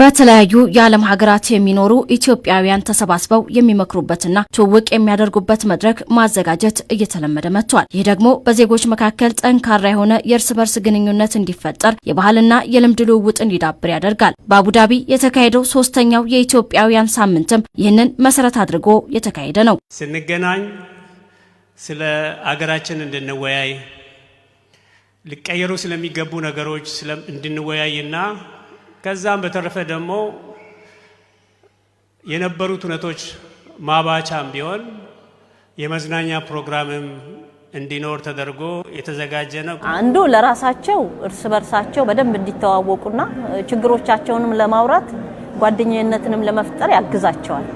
በተለያዩ የዓለም ሀገራት የሚኖሩ ኢትዮጵያውያን ተሰባስበው የሚመክሩበትና ትውውቅ የሚያደርጉበት መድረክ ማዘጋጀት እየተለመደ መጥቷል። ይህ ደግሞ በዜጎች መካከል ጠንካራ የሆነ የእርስ በርስ ግንኙነት እንዲፈጠር፣ የባህልና የልምድ ልውውጥ እንዲዳብር ያደርጋል። በአቡዳቢ የተካሄደው ሶስተኛው የኢትዮጵያውያን ሳምንትም ይህንን መሰረት አድርጎ የተካሄደ ነው። ስንገናኝ ስለ አገራችን እንድንወያይ ሊቀየሩ ስለሚገቡ ነገሮች እንድንወያይና ከዛም በተረፈ ደግሞ የነበሩት እውነቶች ማባቻም ቢሆን የመዝናኛ ፕሮግራምም እንዲኖር ተደርጎ የተዘጋጀ ነው። አንዱ ለራሳቸው እርስ በርሳቸው በደንብ እንዲተዋወቁና ችግሮቻቸውንም ለማውራት ጓደኝነትንም ለመፍጠር ያግዛቸዋል።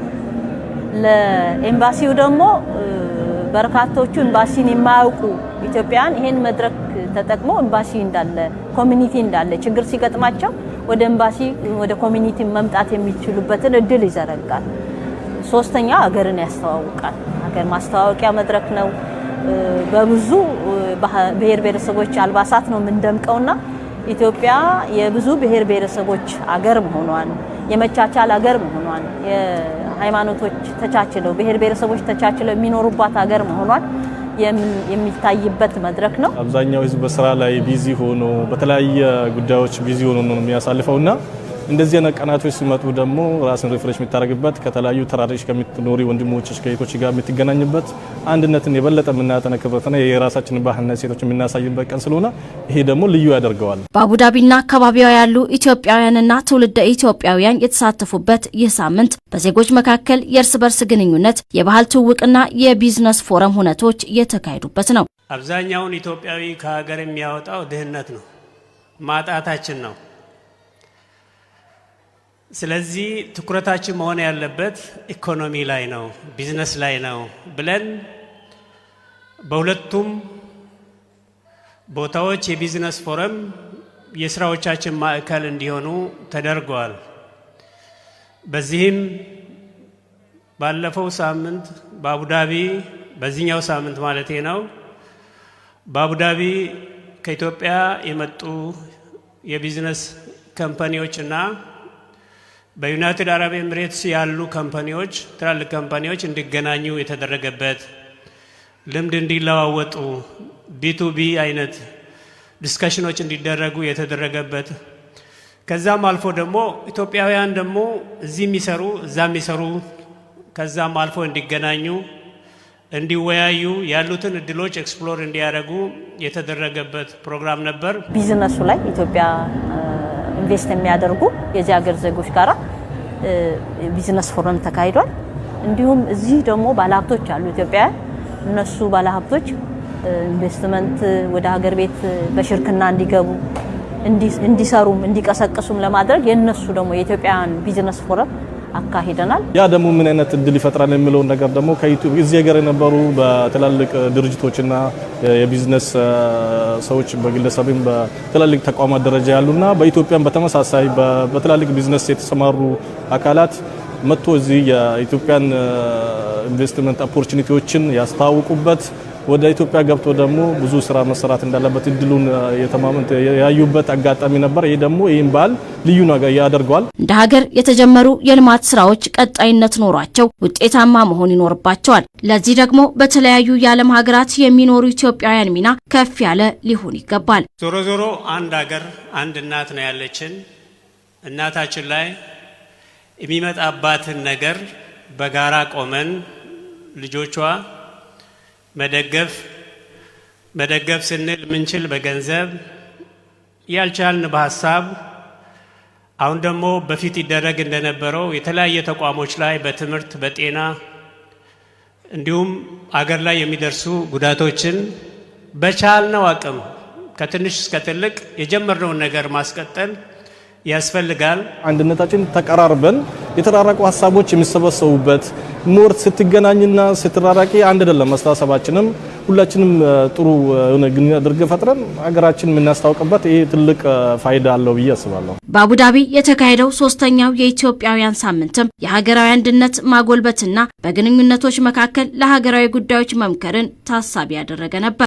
ለኤምባሲው ደግሞ በርካቶቹ ኤምባሲን የማያውቁ ኢትዮጵያውያን ይሄን መድረክ ተጠቅሞ ኤምባሲ እንዳለ ኮሚኒቲ እንዳለ ችግር ሲገጥማቸው ወደ ኤምባሲ ወደ ኮሚኒቲ መምጣት የሚችሉበትን እድል ይዘረጋል። ሶስተኛ ሀገርን ያስተዋውቃል። ሀገር ማስተዋወቂያ መድረክ ነው። በብዙ ብሔር ብሔረሰቦች አልባሳት ነው የምንደምቀውና ኢትዮጵያ የብዙ ብሔር ብሔረሰቦች አገር መሆኗን የመቻቻል አገር መሆኗን የሃይማኖቶች ተቻችለው ብሔር ብሔረሰቦች ተቻችለው የሚኖሩባት አገር መሆኗን የሚታይበት መድረክ ነው። አብዛኛው ህዝብ በስራ ላይ ቢዚ ሆኖ በተለያየ ጉዳዮች ቢዚ ሆኖ ነው የሚያሳልፈውና እንደዚህ አይነት ቀናቶች ሲመጡ ደግሞ ራስን ሪፍሬሽ የምታደርግበት ከተለያዩ ተራሪዎች ከምትኖሪ ወንድሞች ከእህቶች ጋር የምትገናኝበት አንድነትን የበለጠ የምናጠነክርበትና የራሳችንን ባህልና ሴቶች የምናሳይበት ቀን ስለሆነ ይሄ ደግሞ ልዩ ያደርገዋል። በአቡዳቢና አካባቢዋ ያሉ ኢትዮጵያውያንና ትውልደ ኢትዮጵያውያን የተሳተፉበት ይህ ሳምንት በዜጎች መካከል የእርስ በርስ ግንኙነት፣ የባህል ትውውቅና የቢዝነስ ፎረም ሁነቶች የተካሄዱበት ነው። አብዛኛውን ኢትዮጵያዊ ከሀገር የሚያወጣው ድህነት ነው፣ ማጣታችን ነው። ስለዚህ ትኩረታችን መሆን ያለበት ኢኮኖሚ ላይ ነው፣ ቢዝነስ ላይ ነው ብለን በሁለቱም ቦታዎች የቢዝነስ ፎረም የስራዎቻችን ማዕከል እንዲሆኑ ተደርገዋል። በዚህም ባለፈው ሳምንት በአቡዳቢ በዚህኛው ሳምንት ማለቴ ነው በአቡዳቢ ከኢትዮጵያ የመጡ የቢዝነስ ከምፓኒዎችና በዩናይትድ አረብ ኤምሬትስ ያሉ ካምፓኒዎች ትላልቅ ካምፓኒዎች እንዲገናኙ የተደረገበት ልምድ እንዲለዋወጡ ቢቱቢ አይነት ዲስካሽኖች እንዲደረጉ የተደረገበት ከዛም አልፎ ደግሞ ኢትዮጵያውያን ደግሞ እዚህ የሚሰሩ እዛ የሚሰሩ ከዛም አልፎ እንዲገናኙ እንዲወያዩ ያሉትን እድሎች ኤክስፕሎር እንዲያደርጉ የተደረገበት ፕሮግራም ነበር። ቢዝነሱ ላይ ኢትዮጵያ ኢንቨስት የሚያደርጉ የዚህ ሀገር ዜጎች ጋራ ቢዝነስ ፎረም ተካሂዷል። እንዲሁም እዚህ ደግሞ ባለሀብቶች አሉ ኢትዮጵያውያን። እነሱ ባለሀብቶች ኢንቨስትመንት ወደ ሀገር ቤት በሽርክና እንዲገቡ እንዲሰሩም እንዲቀሰቅሱም ለማድረግ የእነሱ ደግሞ የኢትዮጵያውያን ቢዝነስ ፎረም አካሂደናል። ያ ደግሞ ምን አይነት እድል ይፈጥራል የሚለውን ነገር ደግሞ ከዩቱብ እዚህ ሀገር የነበሩ በትላልቅ ድርጅቶችና የቢዝነስ ሰዎች በግለሰብም በትላልቅ ተቋማት ደረጃ ያሉና በኢትዮጵያም በተመሳሳይ በትላልቅ ቢዝነስ የተሰማሩ አካላት መጥቶ እዚህ የኢትዮጵያን ኢንቨስትመንት ኦፖርቹኒቲዎችን ያስተዋውቁበት ወደ ኢትዮጵያ ገብቶ ደግሞ ብዙ ስራ መሰራት እንዳለበት እድሉን ያዩበት አጋጣሚ ነበር። ይህ ደግሞ ይህን በዓል ልዩ ነገር ያደርገዋል። እንደ ሀገር የተጀመሩ የልማት ስራዎች ቀጣይነት ኖሯቸው ውጤታማ መሆን ይኖርባቸዋል። ለዚህ ደግሞ በተለያዩ የዓለም ሀገራት የሚኖሩ ኢትዮጵያውያን ሚና ከፍ ያለ ሊሆን ይገባል። ዞሮ ዞሮ አንድ ሀገር አንድ እናት ነው ያለችን። እናታችን ላይ የሚመጣባትን ነገር በጋራ ቆመን ልጆቿ መደገፍ መደገፍ ስንል ምንችል በገንዘብ ያልቻልን በሀሳብ አሁን ደግሞ በፊት ይደረግ እንደነበረው የተለያየ ተቋሞች ላይ በትምህርት፣ በጤና እንዲሁም አገር ላይ የሚደርሱ ጉዳቶችን በቻልነው አቅም ከትንሽ እስከ ትልቅ የጀመርነውን ነገር ማስቀጠል ያስፈልጋል። አንድነታችን ተቀራርበን የተራረቁ ሀሳቦች የሚሰበሰቡበት ሞር ስትገናኝና ስትራራቂ አንድ አይደለም አስተሳሰባችንም ሁላችንም ጥሩ የሆነ ግንኙነት አድርገን ፈጥረን ሀገራችን የምናስታውቅበት ይሄ ትልቅ ፋይዳ አለው ብዬ አስባለሁ። በአቡዳቢ የተካሄደው ሶስተኛው የኢትዮጵያውያን ሳምንትም የሀገራዊ አንድነት ማጎልበትና በግንኙነቶች መካከል ለሀገራዊ ጉዳዮች መምከርን ታሳቢ ያደረገ ነበር።